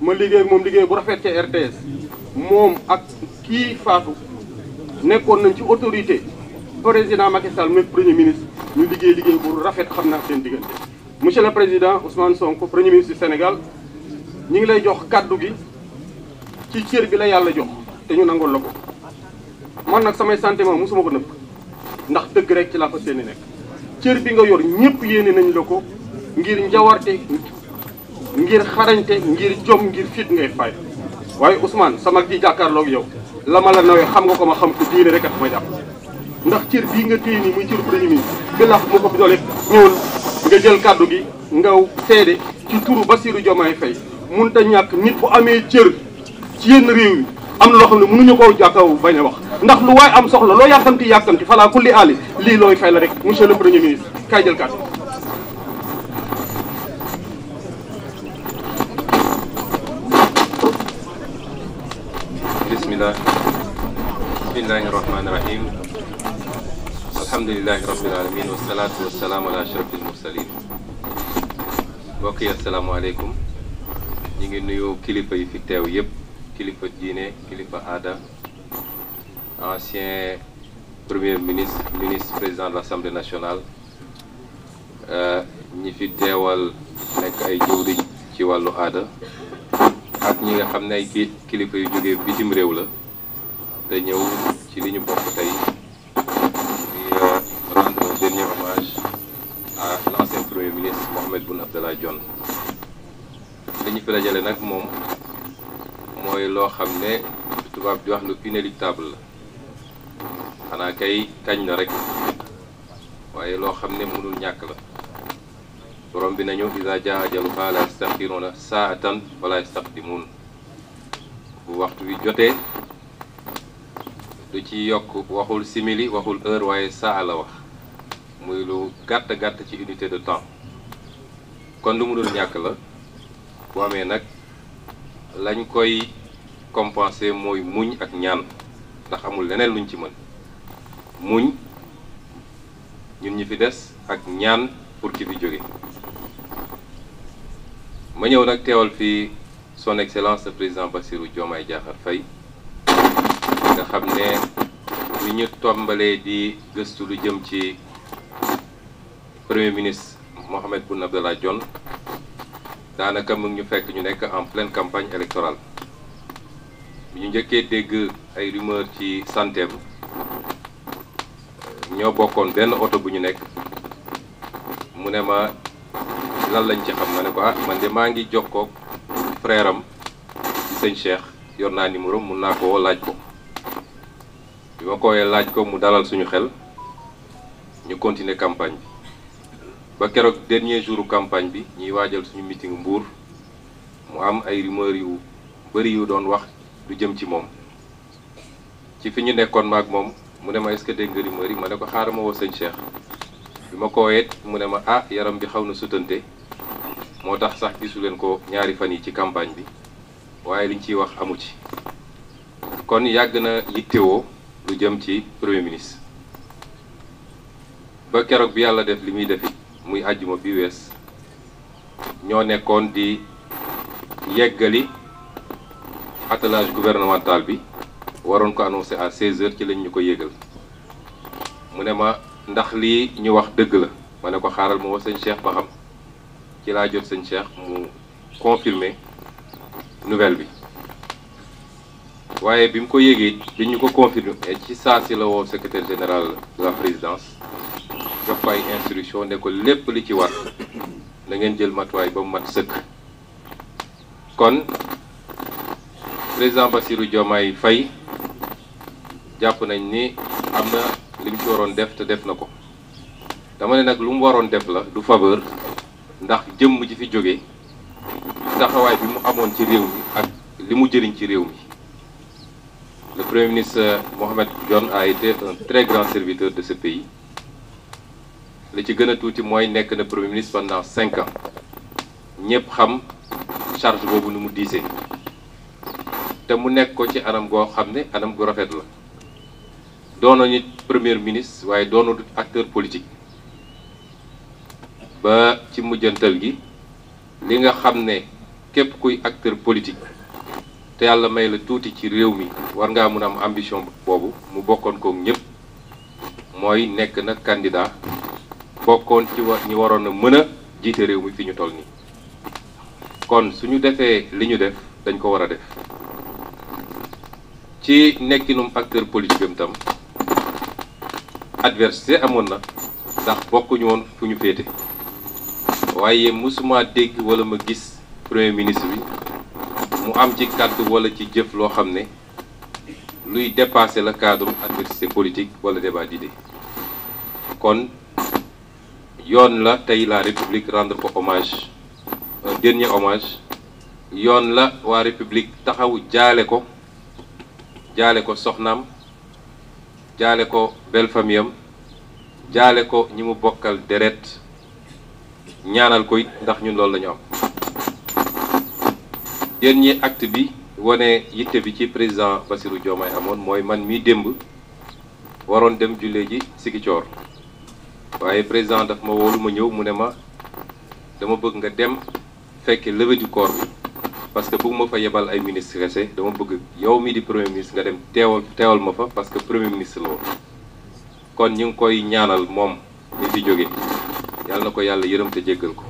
ma liggéey moom liggéey bu rafet ca RTS moom ak kii faatu nekkoon nañ ci autorité président Macky Sall même premier ministre ñu liggéey liggéey bu rafet xam naa seen diggante. monsieur le président Ousmane Sonko premier ministre du Sénégal ñu ngi lay jox kàddu gi ci cër bi la yàlla jox te ñu nangoon la ko man nag samay sentiment mosuma ko nëpp ndax dëgg rek ci laa fa seeni nekk. cër bi nga yor ñëpp yéene nañ la ko ngir njawarte ngir xarañte ngir jom ngir fit ngay fay waaye Ousmane sama ji jàkkaarloog yow la ma la nawee xam nga ko ma xam ko diine rek a ma jàpp ndax cër bii nga téye nii muy cër premier bi laax mu ko doole ñëwal nga jël kàddu gi nga seede ci turu Bassirou Diomaye Faye mun ta ñàkk nit bu amee cër ci yenn réew yi am na loo xam ne mënuñu koo jàkkaw bañ a wax ndax lu waay am soxla loo yàkkamti yàkkamti falaa kulli àlli lii looy fay la rek monsieur le bismillah bismillahi irrahmani irahim alhamdulilahi rabbil alamin wasalaatu wasalaamu ala ashraf almursalin mbokk yi asalaamualeykum ñu ngi nuyu kilifa yi fi teew yëpp kilifa diine kilifa aada ancien premier ministre ministre président de l'assemblée nationale euh, ñi fi teewal nekk ay jëwriñ ci wàllu aada ak ñi nga xam ne ay kii kilifa yu jógee bitim réew la te ñëw ci li ñu bokk tey di euh, rendre un dernier hommage à l'ancien premier ministre Mohamed Boun Abdallah Dionne li ñu fi dajale nag moom mooy loo xam ne tubaab di wax lu inéluctable la xanaa kay kañ la rek waaye loo xam ne mënul ñàkk la borom bi nañu iza jaa ajaluhaa laa yastaxiruuna saatan di yastaqdimuun bu waxtu wi jotee du ci yokk waxul simili waxul heure waaye saa la wax muy lu gàtt gàtt ci unité de temps kon lu mu dul ñàkk la bu amee nag lañ koy compenser mooy muñ ak ñaan ndax amul leneen luñ ci mën muñ ñun ñi fi des ak ñaan pour ki fi jóge ma ñëw nag teewal fii son excellence le président Bassirou Diomaye Diakhar Faye nga xam ne ñu tombalee di gëstu lu jëm ci premier ministre Mohamed Boun Abdallah Dionne daanaka mu ngi ñu fekk ñu nekk en pleine campagne électorale bi ñu njëkkee dégg ay rumeur ci santeem ñoo bokkoon benn oto bu ñu nekk mu ne ma lan lañ ci xam ma ne ko ah man de maa ngi jokkoog frère am sëñ cheikh yor naa numéro mun naa ko laaj ko bi ma kooyee laaj ko mu dalal suñu xel ñu continuer campagne bi ba keroog dernier jour campagne bi ñuy waajal suñu meeting mbuur mu am ay rumeur yu bari yu doon wax du jëm ci moom ci fi ñu nekkoon maag moom mu est ce que dégg rumeur yi ko cheikh bi ma ko wet mu ne ma ah yaram bi xaw na sutante moo tax sax gisu leen ko ñaari fan yi ci campagne bi waaye liñ ciy wax amu ci kon yàgg na yittewoo lu jëm ci premier ministre ba keroog bi yàlla def limi muy defi muy àjjuma bi wees ñoo nekkoon di yeggali attelage gouvernemental bi waroon ko annoncé à 16 heures ci lañ ñu ko mu ne ma ndax li ñu wax dëgg la ma ko xaaral ma wax sëñ Cheikh ba ci laa jot sëñ Cheikh mu confirmer nouvelle bi waaye bi mu ko bi ñu ci la secrétaire général de la présidence jox fay instruction ne ko lépp li ci war na ngeen jël matuwaay ba mu mat sëkk kon président ni li mu ci waroon def te def na ko dama ne nag lu mu waroon def la du faveur ndax jëmm ji fi jóge taxawaay bi mu amoon ci réew mi ak li mu jëriñ ci réew mi le premier ministre Mohamed Dionne aay été un très grand serviteur de ce pays li ci gën a tuuti mooy nekk na premier ministre pendant cinq ans ñëpp xam charge boobu nu mu diisee te mu nekk ko ci anam goo xam ne anam gu rafet la doon nañu premier ministre waaye doonul acteur politique ba ci mujjantal gi li nga xam ne kuy acteur politique te yàlla may la tuuti ci réew mi war ngaa mun am ambition boobu mu bokkon kook ñëpp mooy nek na candidat bokkon ci wa ñi waroon a mën a mi fi ñu toll kon suñu defee li ñu def dañ ko war def ci nekkinum acteur politique tam adversité amoon na ndax bokkuñu woon fu ñu féete waaye mësuma dégg wala ma gis premier ministre bi mu am ci kàddu wala ci jëf loo xam ne luy dépasser la cadre adversité politique wala débat d'idées kon yoon la tey la république rendre ko hommage un dernier hommage yoon la waa république taxaw jaale ko jaale ko soxnaam jaale ko belle famille jaale ko ñi mu bokkal deret ñaanal ko it ndax ñun loolu lañu ñu am dernier acte bi wane yitte bi ci président Bassirou Diomaye amoon mooy man mii démb waroon dem jullee ji Sigicoor waaye président daf ma woolu ma ñëw mu ne ma dama bëgg nga dem fekk levée du bi parce que bëgg ma fa yebal ay ministre kese dama bëgg yow mi di premier ministre nga dem teewal teewal ma fa parce que premier ministre la kon ñu ngi koy ñaanal moom mi fi jóge yàlla na ko yàlla yërëm te jéggal ko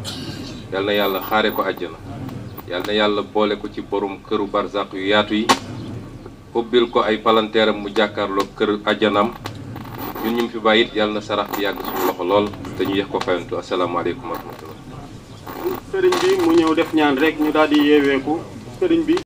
yàlla na yàlla xaare ko àjjana yàlla na yàlla boole ko ci borom këru barzaq yu yaatu yi ubbil ko ay palanteeram mu jàkkaarloo kër àjjanam ñun ñu fi bàyyi it na sarax bi yàgg suñu loxo lool te ñu yeex ko fayantu asalaamaaleykum wa rahmatulah sëriñ bi mu ñëw def ñaan rek ñu daal di ko sëriñ bi